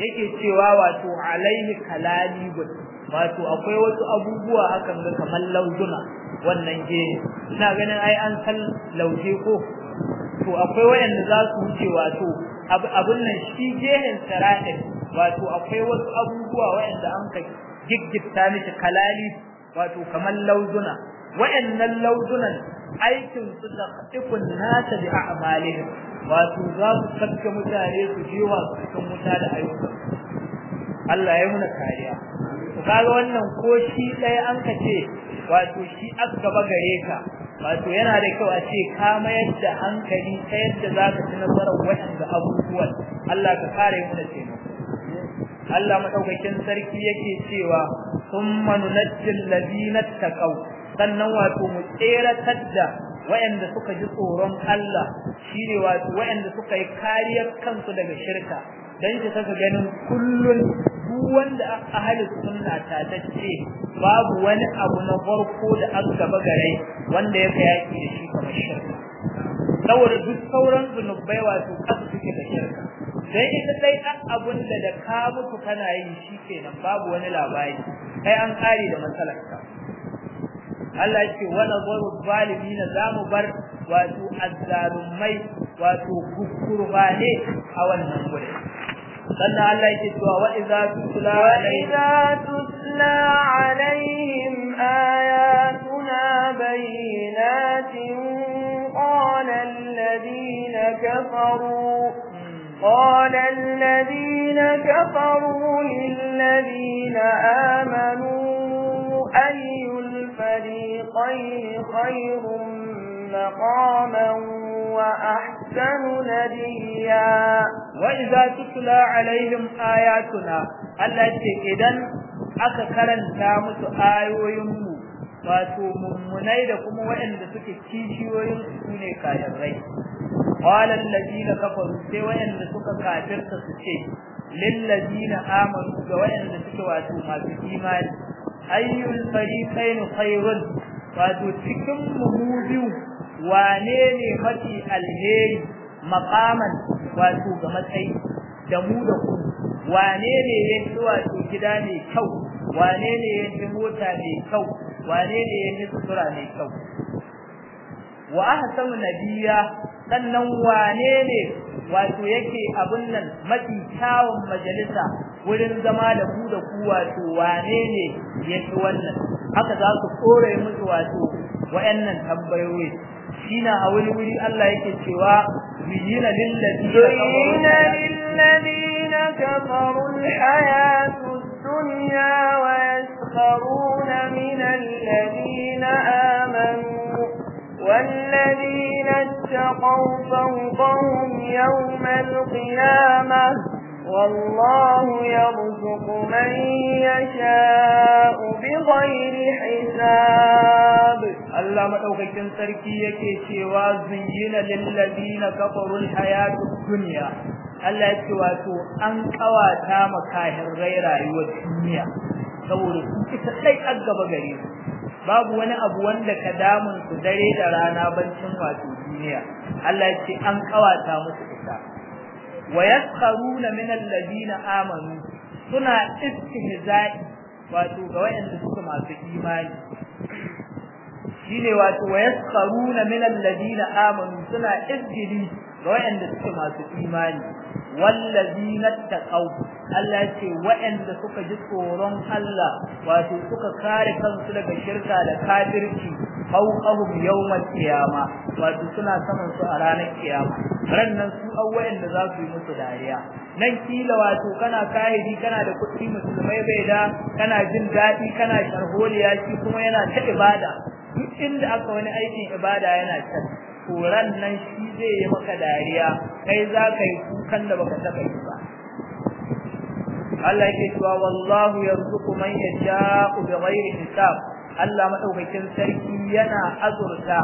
yake cewa wato alaihi kalali gut wato akwai wasu abubuwa hakan ga kamar laujuna wannan je ina ganin ai an san lauje ko to akwai wayanda za su wuce wato abun nan shi gehen sarahin wato akwai wasu abubuwa wayanda an ka giggita miki kalali wato kamar laujuna wayannan laujunan aikin su da ikun nasa bi a'malihim wato za su tafka mutane su jewa su cikin wuta da ayyukan Allah ya muna kariya ku kaga wannan ko shi ɗaya an ka ce wato shi aka gaba gare ka wato yana da kyau a ce ka mayar da hankali ta yadda za ka ci nasarar waɗanda abubuwan Allah ka kare muna taimako Allah madaukakin sarki yake cewa thumma nunajjil ladina taqaw sannan wato mu tseratar da wayanda suka ji tsoron Allah shine wato wayanda suka yi kariyar kansu daga shirka dan ki saka ganin kullun duk wanda ahli sunna ta tace babu wani abu na farko da aka gaba gare wanda yake yaki da shi kamar shirka saboda duk sauran zunubai wato kasu suke da shirka dai idan dai dan abun da da ka mutu kana yin shi kenan babu wani labari kai an kare da matsalarka Allah yake wala zaru zalimin zamu bar wato azzalumai wato kukurbane a wannan gure sannan Allah yake cewa wa idza tutla wa idza tutla alaihim ayatuna bayyinatin qala alladhina kafaru قال الذين كفروا للذين آمنوا أي الفريقين su مقاما وأحسن Aya وإذا تتلى عليهم آياتنا التي إذن أكثرن تامس آيوهم wato mummunai da kuma waɗanda suke kishiyoyin su ne kafirai qala allazina kafaru sai waɗanda suka kafirta suke, ce lil ladina amanu ga waɗanda suke wato masu imani ayyul fariqain khairun wato cikin mu wane ne mafi alheri maqaman wato ga matsayi da mu da ku wane ne ya ci wato gida mai kyau wane ne ya ci mota mai kyau wane ne ya ci sutura mai kyau wa ahsanu nabiyya sannan wane ne wato yake abun nan mafi kyawun majalisa wurin zama da ku da ku wato wane ne ya ci wannan haka za ku kore musu wato wayannan tambayoyi shine a wani wuri Allah yake cewa zuyina lillazina kafaru hayatu dunya wa yaskharuna min alladina amanu walladina taqaw فوقهم يوم alqiyamah والله يرزق من يشاء بغير حساب الله مدوكاكين سركي yake cewa zuyina lil ladina kafaru al hayatud dunya Allah yake wato an kawata makahirai rayuwar duniya saboda su kisa dai gare babu wani abu wanda ka damun su dare da rana bancin wato duniya Allah ce an kawata musu wa yaskharuna min alladhina amanu suna istihza'i wato ga wayanda suka masu imani shine wato wa yaskharuna min alladhina amanu suna ga wayanda suka masu imani wallazina taqaw Allah ce wayanda suka ji tsoron Allah wato suka kare kansu daga shirka da kafirci fawqahum yawm al-qiyama wato suna saman su a ranar kiyama rannan su awwayen da za su yi musu dariya nan kila wato kana ka'idi, kana da kuɗi musulmai bai da kana jin daɗi kana sharholiya shi kuma yana ta ibada duk inda aka wani aikin ibada yana ta, koran nan shi zai yi maka dariya kai za ka yi kukan da baka taba yi ba Allah yake cewa wallahu yarzuqu man yasha'u bighairi hisab Allah madaukakin sarki yana azurta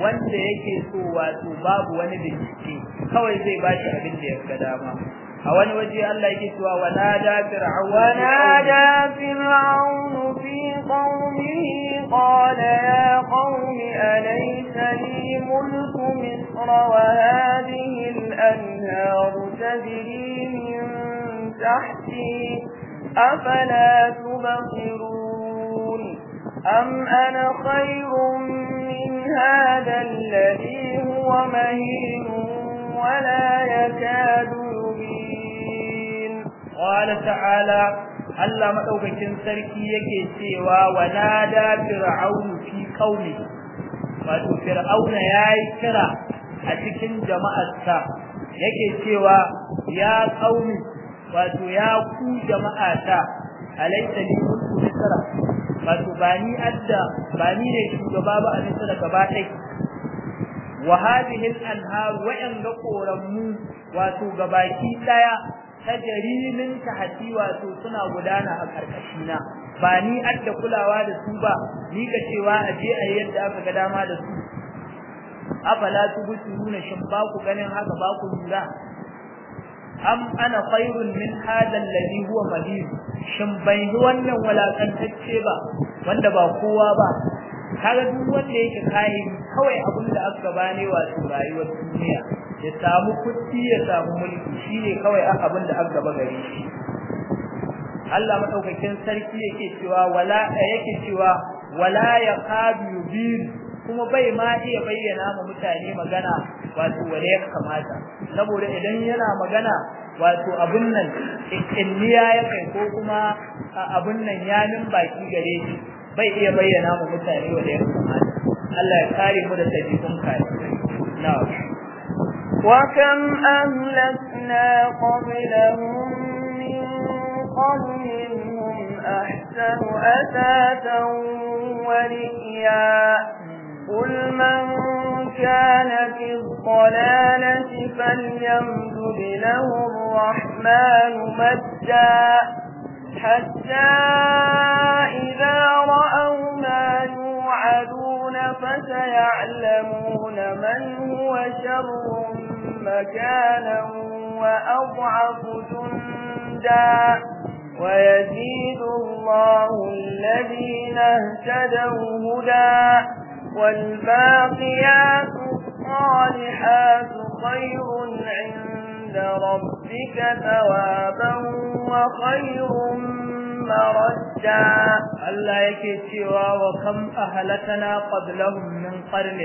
wanda yake so wato babu wani bincike kawai zai ba shi abin da ya ga dama a wani waje Allah yake cewa wala da fir'aun wala da fir'aun fi qaumihi qala ya qaumi alaysa li mulku misr wa hadhihi al-anhar tajri min tahti afala tubsirun أَمْ أَنَا خَيْرٌ مِنْ هَذَا الَّذِي هُوَ مَهِينٌ وَلَا يَكَادُ يُبِينُ قَالَ تَعَالَى أَلَّا مَدَوْكَكِ السَّرْكِي يَكِسِيوَا وَنَادَى فِرْعَوْنُ فِي قومه فَأَدُوا فِرْعَوْنَ يَا إِكْرَى أَتِكِنْ جَمَأَ يكي يَكِسِيوَا يَا قَوْلِهِ فَأَدُوا يَا كُوْ جَمَأَ السَّرْكِ أَلَيْسَ لِكُلْ wato ba ni adda ba ni ne shugaba ba a nisa da gaba ɗai wa hadhihi al-anhar wa an mu wato gabaki daya tajri min tahti wato suna gudana a karkashina ba ni adda kulawa da su ba ni ka cewa a je a yadda aka ga dama da su afala tubsiruna shin ba ku ganin haka ba ku lura am ana khairun min hada alladhi huwa madin shin bai wannan walakantacce ba wanda ba kowa ba kaga duk wanda yake kai kawai abin da aka bane wato rayuwar duniya ya samu kuɗi ya samu mulki shine kawai abin da aka gaba gare shi Allah madaukakin sarki yake cewa wala yake cewa wala yaqadu kuma bai ma iya bayyana ma mutane magana wato wale ya kamata saboda idan yana magana wato abun nan inniya ya kai ko kuma abun nan ya min baki gare shi bai iya bayyana ma mutane wale ya kamata Allah ya kare mu da tajikun kai na'am وكم أهلكنا قبلهم من قرن هم أحسن أثاثا وَرِئَاءَ قل من كان في الضلالة فليمدد له الرحمن مدا حتى إذا رأوا ما يوعدون فسيعلمون من هو شر مكانا وأضعف جندا ويزيد الله الذين اهتدوا هدى والباقيات الصالحات خير عند ربك ثوابا وخير مرجا ألا يكي وكم أهلتنا قبلهم من قرن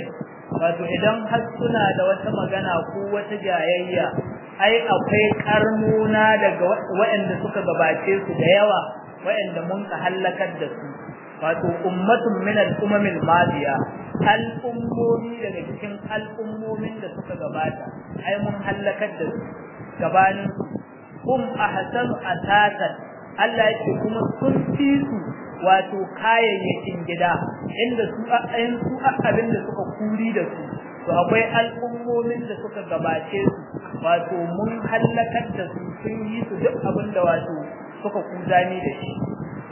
فاتو إدم حسنا دوسم قنا قوة جايية أي أقي كرمونا دقوة وإن سكب باتيس ديوة وإن منك هلكت دسو wato ummatun min al-umamil madiya al'ummomi daga cikin al'ummomin da suka gabata ai mun halakar da su gabanin hum ahsan atakan Allah yake kuma sun fi su wato kayayyakin gida inda su ayin su abin da suka kuri da su to akwai al'ummomin da suka gabace su wato mun halakar da su sun yi su duk abin da wato suka kuzani da shi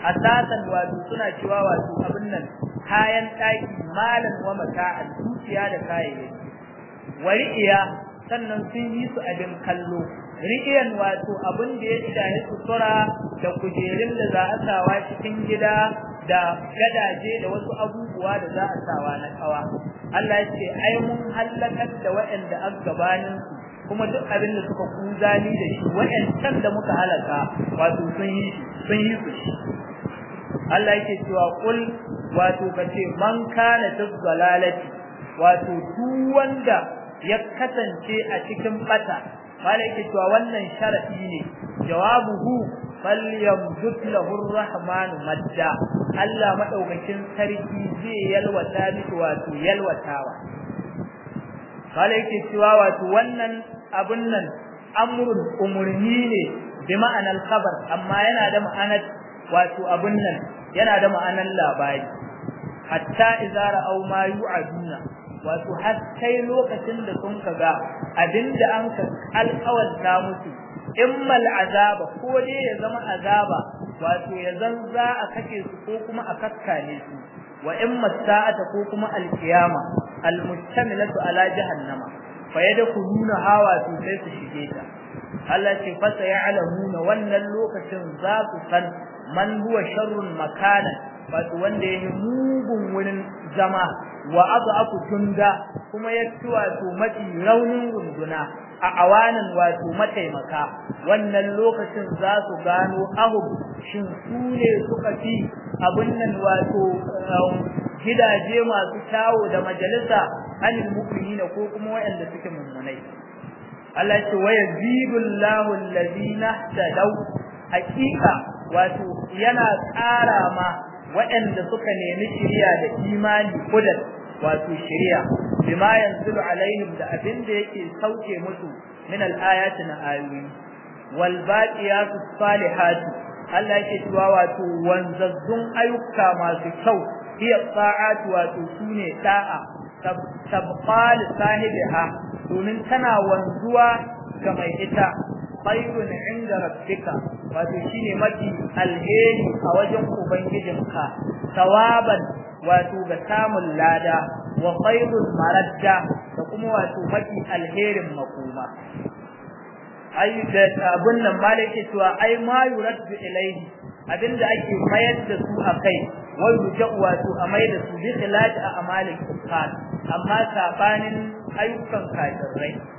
asasan wato suna cewa wato abin nan kayan daki malan wa mata'an dukiya da kayayyaki wari'iya sannan sun yi su abin kallo riƙiyan wato abin da ya idaye sutura da kujerun da za a sawa cikin gida da gadaje da wasu abubuwa da za a sawa na kawa Allah ya ce ai mun halakar da waɗanda an gabanin kuma duk abin da suka kuzani da shi waɗancan da muka halaka wato sun yi sun yi Allah yake cewa kul wato kace man kana wato duk wanda ya kasance a cikin bata malai yake cewa wannan sharadi ne jawabuhu falyamdud lahu arrahman madda Allah madaukakin sarki zai yalwata miki wato yalwatawa malai yake cewa wato wannan abun nan amrun umurni ne bima'an ma'anar khabar amma yana da ma'anar wato abun nan yana da ma'anar labari hatta idza ra'aw ma yu'aduna wato har sai lokacin da sun kaga abinda an ka alƙawar da musu imma azaba ko dai ya zama azaba wato ya zan za a kake su ko kuma a kakkale su wa imma sa'ata ko kuma alqiyama almustamilatu ala jahannama fa yadkhuluna hawa su sai su shige ta Allah ce fa sayalamuna wannan lokacin za su san man huwa sharrun makanan wato wanda yake mugun wurin zama wa aku tunda kuma ya wato mafi raunin runduna a awanan wato mataimaka wannan lokacin za su gano ahu shin su ne suka fi abin nan wato um, gidaje masu tawo da majalisa anil mu'minina ko kuma wayanda suke mummunai Allah ya ce wa yazibullahu allazina tadaw hakika wato yana tsara ma waɗanda suka nemi shiriya da imani kudan wato shiriya bima yanzilu alaihim da abin da yake sauke musu min al na ayoyi wal baqiyatu salihatu Allah yake cewa wato wanzazzun ayyuka masu kyau iya sa'atu wato sune da'a tabqal sahibiha domin tana wanzuwa ga mai ita khairun inda rabbika wato shine mafi alheri a wajen ubangijinka tawaban wato ga samun lada wa khairul maradda da kuma wato mafi alherin makoma ai da abun nan malaki cewa ai ma yuraddu ilaihi abinda ake mayar da su akai wai yujau wato a mai da su bi khilafi a amalin kafir amma sabanin ayyukan kafirai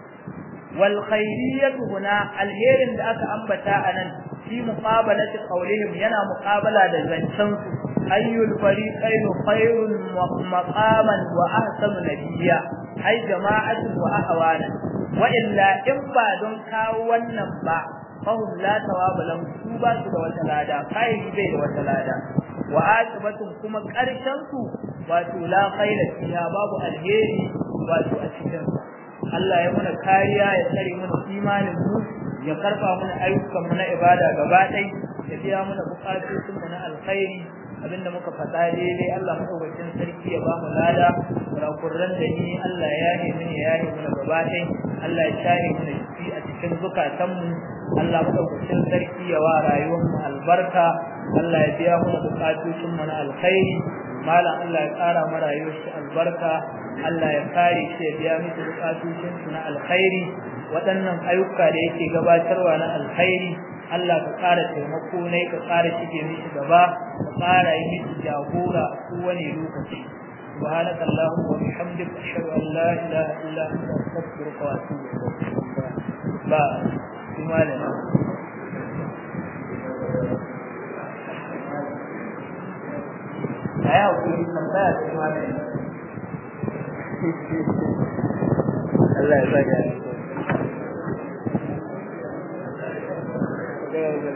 wal khayriyatu huna alherin da aka ambata anan fi muqabalati qawlihim yana muqabala da zancen su ayyul fariqain khayrun maqaman wa ahsanu nabiyya ay jama'atu wa ahwana wa illa in ba don kawo wannan ba fahum la tawaba lam su ba su da wata lada kai bai da wata lada wa aqibatun kuma karshen su wato la khayra fiha babu alheri wato a cikin sa Allah ya muna kariya ya tsare muna imanin mu ya karfa muna ayyukan mu na ibada gaba ya biya muna bukatun mu na alkhairi abinda muka faɗa daidai Allah madaukakin sarki ya ba mu lada da ni Allah ya yi mini ya yi mana gaba ɗai Allah ya share mana shi a cikin zukatan mu Allah madaukakin sarki ya wa rayuwar mu albarka Allah ya biya muna bukatun mu na alkhairi malam Allah ya kara mu rayuwar shi albarka Allah ya kare shi ya biya musu bukatun su na alkhairi waɗannan ayyuka da yake gabatarwa na alkhairi Allah ka kara taimako ne ka shi ke musu gaba ka ƙara yi jagora a kowane lokaci سبحانك اللهم وبحمدك أشهد أن لا إله إلا أنت أستغفرك وأتوب إليك. لا بمالنا. أيوه في المنبات بمالنا. الله يبارك